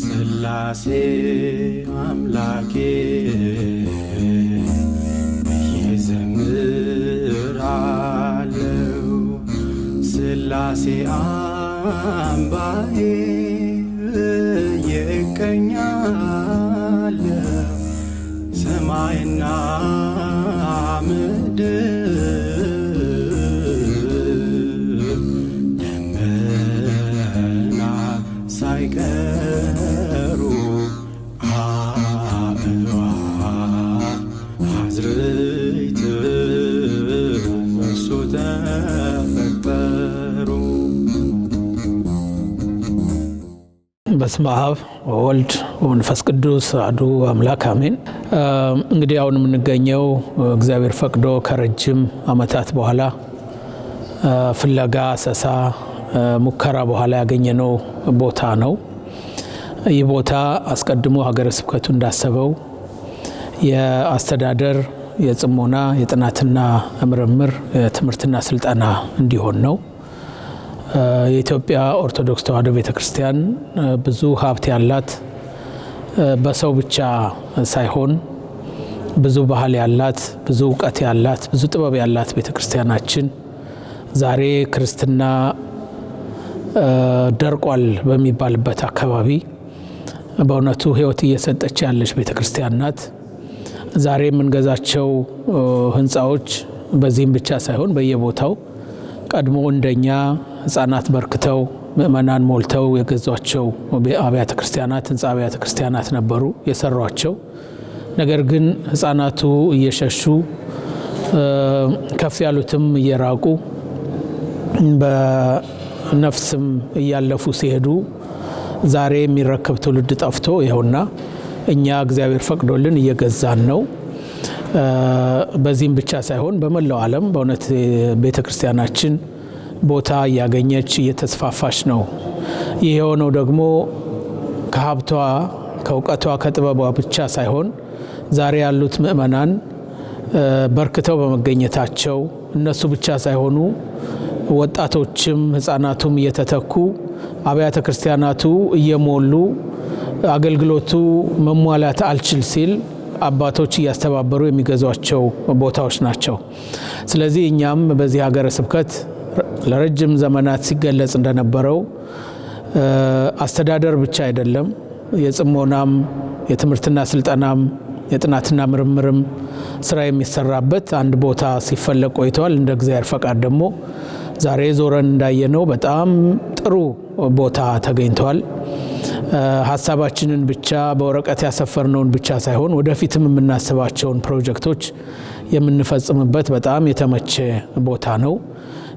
ስላሴ አምላኬ እየዘምራለው ስላሴ አምባዬ የእቀኛለው ሰማይና ምድር ሳይቀሩ አእዋፍ አዝርዕት በስመ አብ ወወልድ ወመንፈስ ቅዱስ አሐዱ አምላክ አሜን። እንግዲህ አሁን የምንገኘው እግዚአብሔር ፈቅዶ ከረጅም ዓመታት በኋላ ፍለጋ አሰሳ ሙከራ በኋላ ያገኘነው ቦታ ነው። ይህ ቦታ አስቀድሞ ሀገረ ስብከቱ እንዳሰበው የአስተዳደር የጽሞና የጥናትና ምርምር ትምህርትና ስልጠና እንዲሆን ነው። የኢትዮጵያ ኦርቶዶክስ ተዋሕዶ ቤተ ክርስቲያን ብዙ ሀብት ያላት በሰው ብቻ ሳይሆን ብዙ ባህል ያላት፣ ብዙ እውቀት ያላት፣ ብዙ ጥበብ ያላት ቤተ ክርስቲያናችን ዛሬ ክርስትና ደርቋል በሚባልበት አካባቢ በእውነቱ ህይወት እየሰጠች ያለች ቤተ ክርስቲያን ናት። ዛሬ የምንገዛቸው ህንፃዎች በዚህም ብቻ ሳይሆን በየቦታው ቀድሞ እንደኛ ህፃናት በርክተው ምእመናን ሞልተው የገዟቸው አብያተ ክርስቲያናት ህንፃ አብያተ ክርስቲያናት ነበሩ የሰሯቸው። ነገር ግን ህፃናቱ እየሸሹ ከፍ ያሉትም እየራቁ ነፍስም እያለፉ ሲሄዱ ዛሬ የሚረከብ ትውልድ ጠፍቶ ይኸውና እኛ እግዚአብሔር ፈቅዶልን እየገዛን ነው። በዚህም ብቻ ሳይሆን በመላው ዓለም በእውነት ቤተ ክርስቲያናችን ቦታ እያገኘች እየተስፋፋች ነው። ይህ የሆነው ደግሞ ከሀብቷ ከእውቀቷ ከጥበቧ ብቻ ሳይሆን ዛሬ ያሉት ምእመናን በርክተው በመገኘታቸው እነሱ ብቻ ሳይሆኑ ወጣቶችም ህፃናቱም እየተተኩ አብያተ ክርስቲያናቱ እየሞሉ አገልግሎቱ መሟላት አልችል ሲል አባቶች እያስተባበሩ የሚገዟቸው ቦታዎች ናቸው። ስለዚህ እኛም በዚህ ሀገረ ስብከት ለረጅም ዘመናት ሲገለጽ እንደነበረው አስተዳደር ብቻ አይደለም፣ የጽሞናም የትምህርትና ስልጠናም የጥናትና ምርምርም ስራ የሚሰራበት አንድ ቦታ ሲፈለግ ቆይተዋል። እንደ እግዚአብሔር ፈቃድ ደግሞ ዛሬ ዞረን እንዳየነው በጣም ጥሩ ቦታ ተገኝተዋል። ሀሳባችንን ብቻ በወረቀት ያሰፈርነውን ብቻ ሳይሆን ወደፊትም የምናስባቸውን ፕሮጀክቶች የምንፈጽምበት በጣም የተመቸ ቦታ ነው።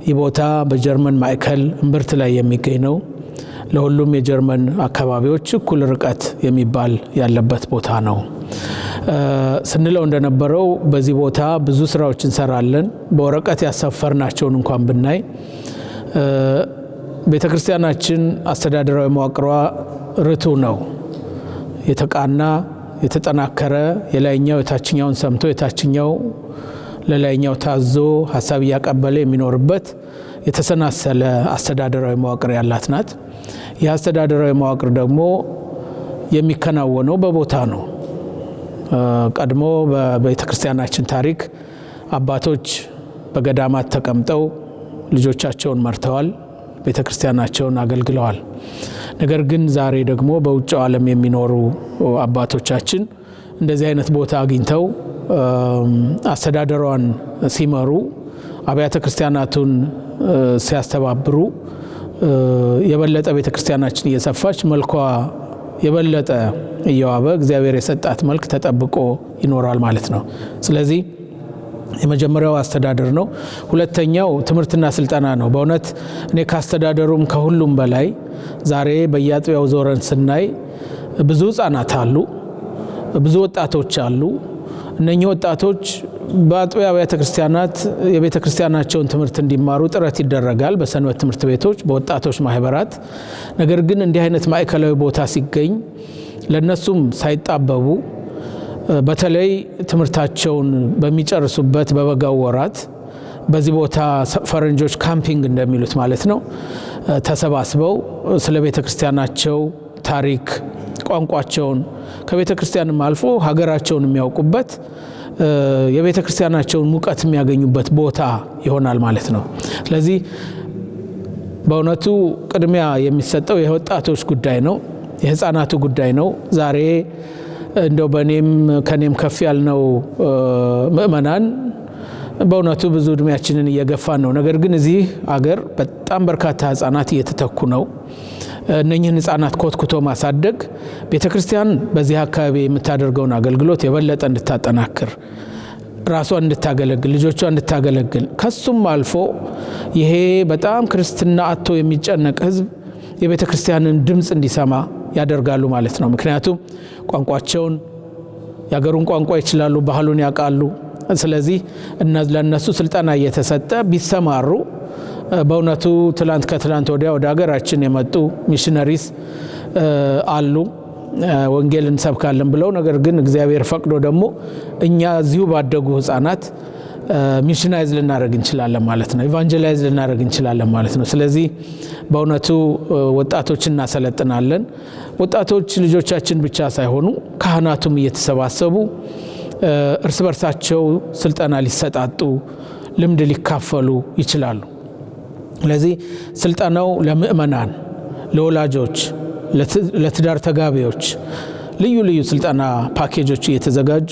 ይህ ቦታ በጀርመን ማዕከል እምብርት ላይ የሚገኝ ነው። ለሁሉም የጀርመን አካባቢዎች እኩል ርቀት የሚባል ያለበት ቦታ ነው። ስንለው እንደነበረው በዚህ ቦታ ብዙ ስራዎች እንሰራለን። በወረቀት ያሰፈርናቸውን እንኳን ብናይ ቤተ ክርስቲያናችን አስተዳደራዊ መዋቅሯ ርቱ ነው። የተቃና የተጠናከረ የላይኛው የታችኛውን ሰምቶ የታችኛው ለላይኛው ታዞ ሀሳብ እያቀበለ የሚኖርበት የተሰናሰለ አስተዳደራዊ መዋቅር ያላት ናት። ይህ አስተዳደራዊ መዋቅር ደግሞ የሚከናወነው በቦታ ነው። ቀድሞ በቤተክርስቲያናችን ታሪክ አባቶች በገዳማት ተቀምጠው ልጆቻቸውን መርተዋል፣ ቤተክርስቲያናቸውን አገልግለዋል። ነገር ግን ዛሬ ደግሞ በውጭው ዓለም የሚኖሩ አባቶቻችን እንደዚህ አይነት ቦታ አግኝተው አስተዳደሯን ሲመሩ አብያተ ክርስቲያናቱን ሲያስተባብሩ የበለጠ ቤተ ክርስቲያናችን እየሰፋች መልኳ የበለጠ እየዋበ እግዚአብሔር የሰጣት መልክ ተጠብቆ ይኖራል ማለት ነው። ስለዚህ የመጀመሪያው አስተዳደር ነው። ሁለተኛው ትምህርትና ስልጠና ነው። በእውነት እኔ ካስተዳደሩም ከሁሉም በላይ ዛሬ በየአጥቢያው ዞረን ስናይ ብዙ ህጻናት አሉ፣ ብዙ ወጣቶች አሉ። እነኚህ ወጣቶች በአጥቢያ ቤተ ክርስቲያናት የቤተ ክርስቲያናቸውን ትምህርት እንዲማሩ ጥረት ይደረጋል፣ በሰንበት ትምህርት ቤቶች፣ በወጣቶች ማህበራት። ነገር ግን እንዲህ አይነት ማዕከላዊ ቦታ ሲገኝ ለእነሱም ሳይጣበቡ በተለይ ትምህርታቸውን በሚጨርሱበት በበጋው ወራት በዚህ ቦታ ፈረንጆች ካምፒንግ እንደሚሉት ማለት ነው ተሰባስበው ስለ ቤተ ክርስቲያናቸው ታሪክ ቋንቋቸውን ከቤተ ክርስቲያንም አልፎ ሀገራቸውን የሚያውቁበት የቤተ ክርስቲያናቸውን ሙቀት የሚያገኙበት ቦታ ይሆናል ማለት ነው። ስለዚህ በእውነቱ ቅድሚያ የሚሰጠው የወጣቶች ጉዳይ ነው፣ የህፃናቱ ጉዳይ ነው። ዛሬ እንደው በእኔም ከኔም ከፍ ያልነው ምእመናን በእውነቱ ብዙ እድሜያችንን እየገፋን ነው። ነገር ግን እዚህ አገር በጣም በርካታ ህፃናት እየተተኩ ነው። እነኚህን ህጻናት ኮትኩቶ ማሳደግ ቤተ ክርስቲያን በዚህ አካባቢ የምታደርገውን አገልግሎት የበለጠ እንድታጠናክር ራሷ እንድታገለግል ልጆቿ እንድታገለግል ከሱም አልፎ ይሄ በጣም ክርስትና አቶ የሚጨነቅ ህዝብ የቤተ ክርስቲያንን ድምፅ እንዲሰማ ያደርጋሉ ማለት ነው። ምክንያቱም ቋንቋቸውን የአገሩን ቋንቋ ይችላሉ፣ ባህሉን ያውቃሉ። ስለዚህ ለእነሱ ስልጠና እየተሰጠ ቢሰማሩ በእውነቱ ትላንት ከትላንት ወዲያ ወደ ሀገራችን የመጡ ሚሽነሪስ አሉ። ወንጌል እንሰብካለን ብለው ነገር ግን እግዚአብሔር ፈቅዶ ደግሞ እኛ እዚሁ ባደጉ ህጻናት ሚሽናይዝ ልናደረግ እንችላለን ማለት ነው። ኢቫንጀላይዝ ልናደረግ እንችላለን ማለት ነው። ስለዚህ በእውነቱ ወጣቶች እናሰለጥናለን። ወጣቶች ልጆቻችን ብቻ ሳይሆኑ ካህናቱም እየተሰባሰቡ እርስ በርሳቸው ስልጠና ሊሰጣጡ ልምድ ሊካፈሉ ይችላሉ። ስለዚህ ስልጠናው ለምእመናን፣ ለወላጆች፣ ለትዳር ተጋቢዎች ልዩ ልዩ ስልጠና ፓኬጆች እየተዘጋጁ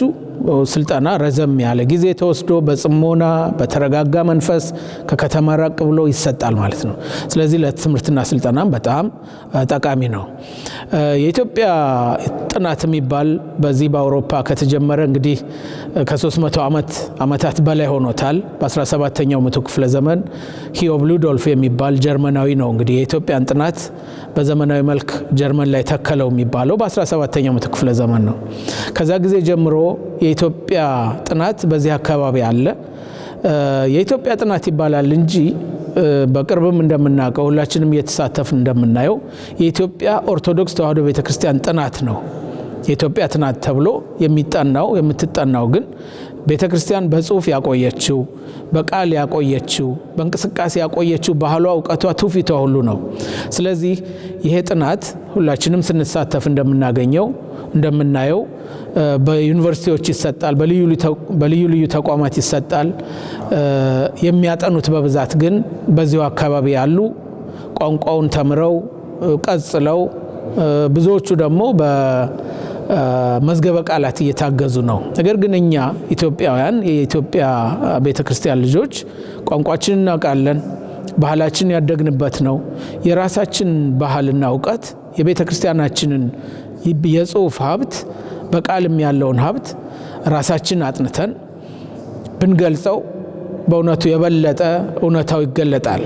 ስልጠና ረዘም ያለ ጊዜ ተወስዶ በጽሞና በተረጋጋ መንፈስ ከከተማ ራቅ ብሎ ይሰጣል ማለት ነው። ስለዚህ ለትምህርትና ስልጠናም በጣም ጠቃሚ ነው። የኢትዮጵያ ጥናት የሚባል በዚህ በአውሮፓ ከተጀመረ እንግዲህ ከ300 ዓመት ዓመታት በላይ ሆኖታል። በ17ኛው መቶ ክፍለ ዘመን ሂዮብ ሉዶልፍ የሚባል ጀርመናዊ ነው እንግዲህ የኢትዮጵያን ጥናት በዘመናዊ መልክ ጀርመን ላይ ተከለው የሚባለው በ17ኛው መቶ ክፍለ ዘመን ነው። ከዛ ጊዜ ጀምሮ የኢትዮጵያ ጥናት በዚህ አካባቢ አለ። የኢትዮጵያ ጥናት ይባላል እንጂ በቅርብም እንደምናውቀው ሁላችንም የተሳተፍ እንደምናየው የኢትዮጵያ ኦርቶዶክስ ተዋህዶ ቤተ ክርስቲያን ጥናት ነው። የኢትዮጵያ ጥናት ተብሎ የሚጠናው የምትጠናው ግን ቤተ ክርስቲያን በጽሁፍ ያቆየችው፣ በቃል ያቆየችው፣ በእንቅስቃሴ ያቆየችው ባህሏ፣ እውቀቷ፣ ትውፊቷ ሁሉ ነው። ስለዚህ ይሄ ጥናት ሁላችንም ስንሳተፍ እንደምናገኘው እንደምናየው በዩኒቨርሲቲዎች ይሰጣል፣ በልዩ ልዩ ተቋማት ይሰጣል። የሚያጠኑት በብዛት ግን በዚሁ አካባቢ ያሉ ቋንቋውን ተምረው ቀጽለው፣ ብዙዎቹ ደግሞ በመዝገበ ቃላት እየታገዙ ነው። ነገር ግን እኛ ኢትዮጵያውያን የኢትዮጵያ ቤተ ክርስቲያን ልጆች ቋንቋችን እናውቃለን። ባህላችን ያደግንበት ነው። የራሳችን ባህልና እውቀት የቤተ ክርስቲያናችንን የጽሁፍ ሀብት በቃልም ያለውን ሀብት ራሳችን አጥንተን ብንገልጸው በእውነቱ የበለጠ እውነታው ይገለጣል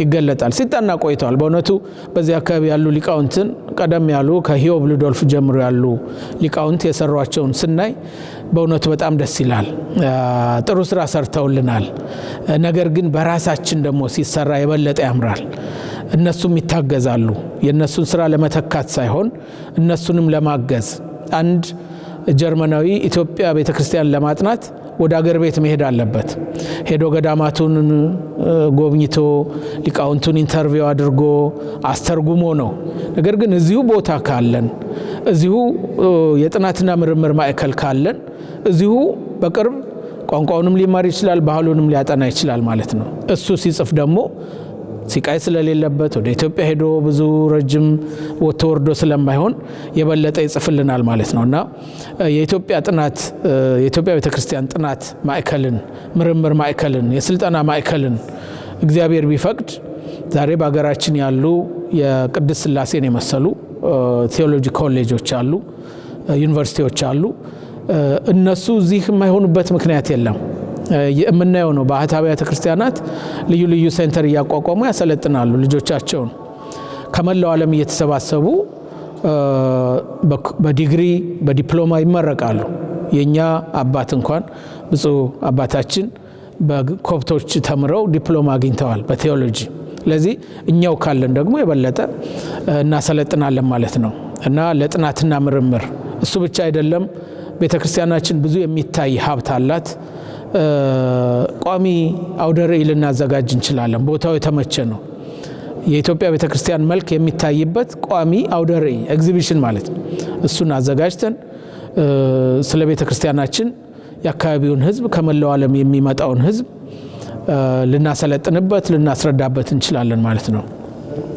ይገለጣል ሲጠና ቆይተዋል። በእውነቱ በዚህ አካባቢ ያሉ ሊቃውንትን ቀደም ያሉ ከሂዮብ ሉዶልፍ ጀምሮ ያሉ ሊቃውንት የሰሯቸውን ስናይ በእውነቱ በጣም ደስ ይላል። ጥሩ ስራ ሰርተውልናል። ነገር ግን በራሳችን ደግሞ ሲሰራ የበለጠ ያምራል። እነሱም ይታገዛሉ። የእነሱን ስራ ለመተካት ሳይሆን እነሱንም ለማገዝ አንድ ጀርመናዊ ኢትዮጵያ ቤተ ክርስቲያን ለማጥናት ወደ አገር ቤት መሄድ አለበት። ሄዶ ገዳማቱን ጎብኝቶ ሊቃውንቱን ኢንተርቪው አድርጎ አስተርጉሞ ነው። ነገር ግን እዚሁ ቦታ ካለን፣ እዚሁ የጥናትና ምርምር ማዕከል ካለን፣ እዚሁ በቅርብ ቋንቋውንም ሊማር ይችላል፣ ባህሉንም ሊያጠና ይችላል ማለት ነው። እሱ ሲጽፍ ደግሞ ሲቃይ ስለሌለበት ወደ ኢትዮጵያ ሄዶ ብዙ ረጅም ወጥቶ ወርዶ ስለማይሆን የበለጠ ይጽፍልናል ማለት ነው እና የኢትዮጵያ ጥናት የኢትዮጵያ ቤተ ክርስቲያን ጥናት ማዕከልን፣ ምርምር ማዕከልን፣ የስልጠና ማዕከልን እግዚአብሔር ቢፈቅድ ዛሬ በሀገራችን ያሉ የቅድስት ስላሴን የመሰሉ ቴዎሎጂ ኮሌጆች አሉ፣ ዩኒቨርሲቲዎች አሉ። እነሱ እዚህ የማይሆኑበት ምክንያት የለም። የምናየው ነው። ባህታ አብያተ ክርስቲያናት ልዩ ልዩ ሴንተር እያቋቋሙ ያሰለጥናሉ ልጆቻቸውን ከመላው ዓለም እየተሰባሰቡ በዲግሪ በዲፕሎማ ይመረቃሉ። የእኛ አባት እንኳን ብፁዕ አባታችን በኮፕቶች ተምረው ዲፕሎማ አግኝተዋል በቴዎሎጂ። ስለዚህ እኛው ካለን ደግሞ የበለጠ እናሰለጥናለን ማለት ነው እና ለጥናትና ምርምር እሱ ብቻ አይደለም። ቤተ ክርስቲያናችን ብዙ የሚታይ ሀብት አላት። ቋሚ አውደ ርዕይ ልናዘጋጅ እንችላለን። ቦታው የተመቸ ነው። የኢትዮጵያ ቤተ ክርስቲያን መልክ የሚታይበት ቋሚ አውደ ርዕይ ኤግዚቢሽን ማለት ነው። እሱን አዘጋጅተን ስለ ቤተ ክርስቲያናችን የአካባቢውን ሕዝብ ከመላው ዓለም የሚመጣውን ሕዝብ ልናሰለጥንበት ልናስረዳበት እንችላለን ማለት ነው።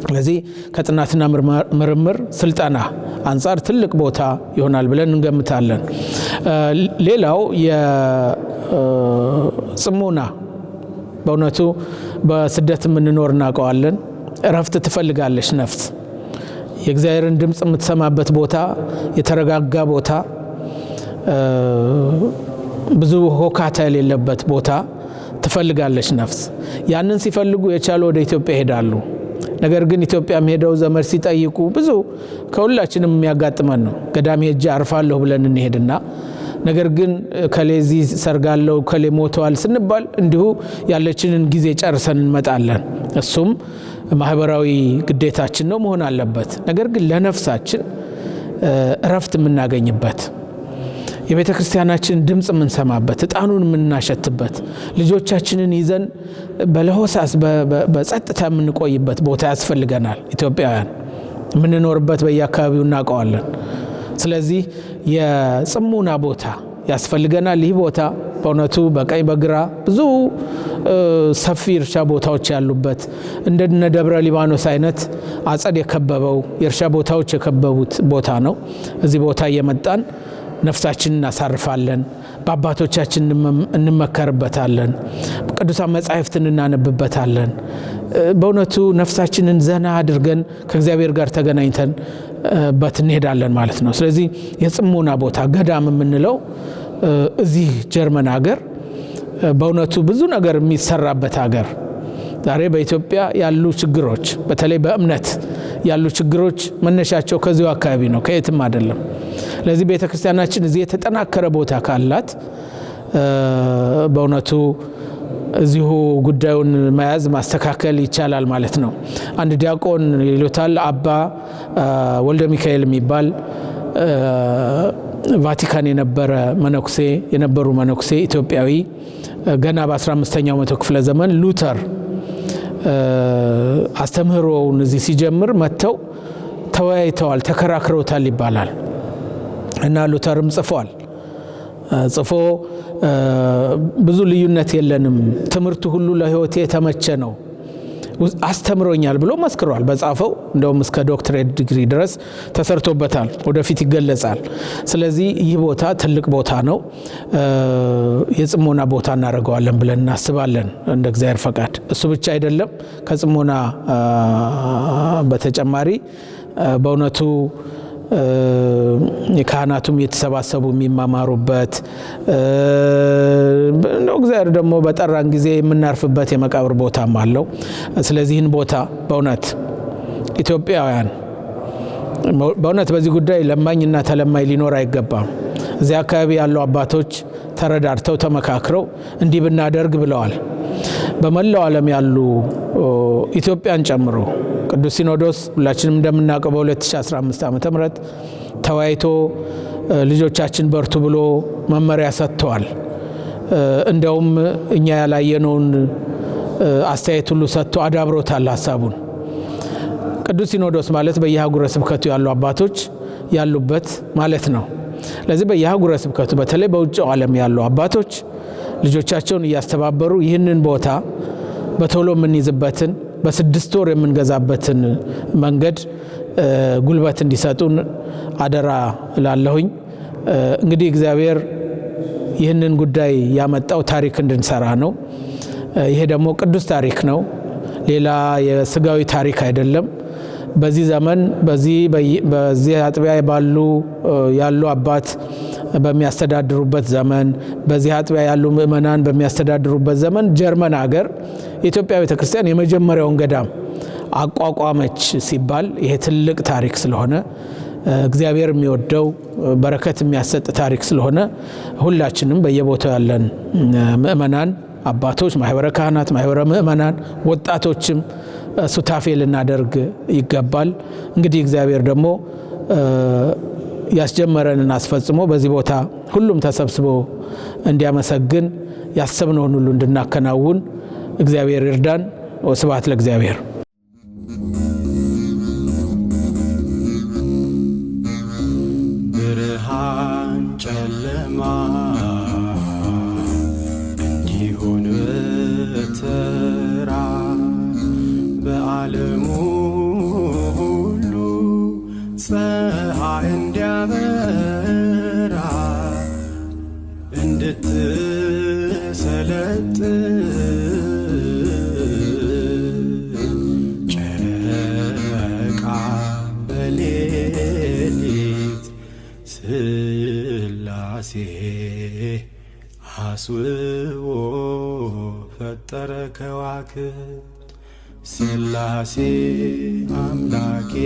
ስለዚህ ከጥናትና ምርምር ስልጠና አንጻር ትልቅ ቦታ ይሆናል ብለን እንገምታለን። ሌላው የጽሙና በእውነቱ በስደት የምንኖር እናውቀዋለን። እረፍት ትፈልጋለች ነፍስ። የእግዚአብሔርን ድምፅ የምትሰማበት ቦታ፣ የተረጋጋ ቦታ፣ ብዙ ሆካታ የሌለበት ቦታ ትፈልጋለች ነፍስ። ያንን ሲፈልጉ የቻሉ ወደ ኢትዮጵያ ይሄዳሉ። ነገር ግን ኢትዮጵያም ሄደው ዘመድ ሲጠይቁ ብዙ ከሁላችንም የሚያጋጥመን ነው። ገዳም ሄጄ አርፋለሁ ብለን እንሄድና ነገር ግን ከሌዚ ሰርጋለው ከሌ ሞተዋል ስንባል እንዲሁ ያለችንን ጊዜ ጨርሰን እንመጣለን። እሱም ማህበራዊ ግዴታችን ነው መሆን አለበት። ነገር ግን ለነፍሳችን እረፍት የምናገኝበት የቤተ ክርስቲያናችን ድምፅ የምንሰማበት እጣኑን የምናሸትበት ልጆቻችንን ይዘን በለሆሳስ በጸጥታ የምንቆይበት ቦታ ያስፈልገናል። ኢትዮጵያውያን የምንኖርበት በየአካባቢው እናውቀዋለን። ስለዚህ የጽሙና ቦታ ያስፈልገናል። ይህ ቦታ በእውነቱ በቀኝ በግራ ብዙ ሰፊ እርሻ ቦታዎች ያሉበት እንደነ ደብረ ሊባኖስ አይነት አጸድ የከበበው የእርሻ ቦታዎች የከበቡት ቦታ ነው። እዚህ ቦታ እየመጣን ነፍሳችን እናሳርፋለን፣ በአባቶቻችን እንመከርበታለን፣ ቅዱሳን መጻሕፍትን እናነብበታለን። በእውነቱ ነፍሳችንን ዘና አድርገን ከእግዚአብሔር ጋር ተገናኝተን በት እንሄዳለን ማለት ነው። ስለዚህ የጽሞና ቦታ ገዳም የምንለው እዚህ ጀርመን ሀገር በእውነቱ ብዙ ነገር የሚሰራበት ሀገር ዛሬ በኢትዮጵያ ያሉ ችግሮች በተለይ በእምነት ያሉ ችግሮች መነሻቸው ከዚሁ አካባቢ ነው፣ ከየትም አይደለም። ለዚህ ቤተ ክርስቲያናችን እዚህ የተጠናከረ ቦታ ካላት በእውነቱ እዚሁ ጉዳዩን መያዝ ማስተካከል ይቻላል ማለት ነው። አንድ ዲያቆን ይሉታል አባ ወልደ ሚካኤል የሚባል ቫቲካን የነበረ መነኩሴ የነበሩ መነኩሴ ኢትዮጵያዊ ገና በ15ኛው መቶ ክፍለ ዘመን ሉተር አስተምህሮውን እዚህ ሲጀምር መጥተው ተወያይተዋል፣ ተከራክረውታል ይባላል። እና ሉተርም ጽፏል። ጽፎ ብዙ ልዩነት የለንም፣ ትምህርቱ ሁሉ ለህይወቴ የተመቸ ነው፣ አስተምሮኛል ብሎ መስክሯል በጻፈው። እንደውም እስከ ዶክትሬት ዲግሪ ድረስ ተሰርቶበታል፣ ወደፊት ይገለጻል። ስለዚህ ይህ ቦታ ትልቅ ቦታ ነው፣ የጽሞና ቦታ እናደርገዋለን ብለን እናስባለን እንደ እግዚአብሔር ፈቃድ። እሱ ብቻ አይደለም፣ ከጽሞና በተጨማሪ በእውነቱ ካህናቱም የተሰባሰቡ የሚማማሩበት እንደው እግዚአብሔር ደግሞ በጠራን ጊዜ የምናርፍበት የመቃብር ቦታም አለው። ስለዚህን ቦታ በእውነት ኢትዮጵያውያን በእውነት በዚህ ጉዳይ ለማኝና ተለማኝ ሊኖር አይገባም። እዚያ አካባቢ ያሉ አባቶች ተረዳድተው ተመካክረው እንዲህ ብናደርግ ብለዋል። በመላው ዓለም ያሉ ኢትዮጵያን ጨምሮ ቅዱስ ሲኖዶስ ሁላችንም እንደምናውቀው በ2015 ዓ ም ተወያይቶ ልጆቻችን በርቱ ብሎ መመሪያ ሰጥተዋል። እንደውም እኛ ያላየነውን አስተያየት ሁሉ ሰጥቶ አዳብሮታል ሀሳቡን። ቅዱስ ሲኖዶስ ማለት በየአህጉረ ስብከቱ ያሉ አባቶች ያሉበት ማለት ነው። ለዚህ በየአህጉረ ስብከቱ በተለይ በውጭው ዓለም ያሉ አባቶች ልጆቻቸውን እያስተባበሩ ይህንን ቦታ በቶሎ የምንይዝበትን በስድስት ወር የምንገዛበትን መንገድ ጉልበት እንዲሰጡን አደራ እላለሁኝ። እንግዲህ እግዚአብሔር ይህንን ጉዳይ ያመጣው ታሪክ እንድንሰራ ነው። ይሄ ደግሞ ቅዱስ ታሪክ ነው። ሌላ የስጋዊ ታሪክ አይደለም። በዚህ ዘመን በዚህ በዚህ አጥቢያ ባሉ ያሉ አባት በሚያስተዳድሩበት ዘመን በዚህ አጥቢያ ያሉ ምእመናን በሚያስተዳድሩበት ዘመን ጀርመን ሀገር የኢትዮጵያ ቤተ ክርስቲያን የመጀመሪያውን ገዳም አቋቋመች ሲባል ይሄ ትልቅ ታሪክ ስለሆነ እግዚአብሔር የሚወደው በረከት የሚያሰጥ ታሪክ ስለሆነ ሁላችንም በየቦታው ያለን ምእመናን አባቶች፣ ማህበረ ካህናት፣ ማህበረ ምእመናን፣ ወጣቶችም ሱታፌ ልናደርግ ይገባል። እንግዲህ እግዚአብሔር ደግሞ ያስጀመረንን አስፈጽሞ በዚህ ቦታ ሁሉም ተሰብስቦ እንዲያመሰግን ያሰብነውን ሁሉ እንድናከናውን እግዚአብሔር ይርዳን። ስባት ለእግዚአብሔር። ብርሃን ጨለማ እንዲሆን በዓለሙ ሁሉ እንድታበራ እንድትሰለጥ ጨረቃ በሌሊት ስላሴ አስውቦ ፈጠረ ከዋክብት ስላሴ አምላኬ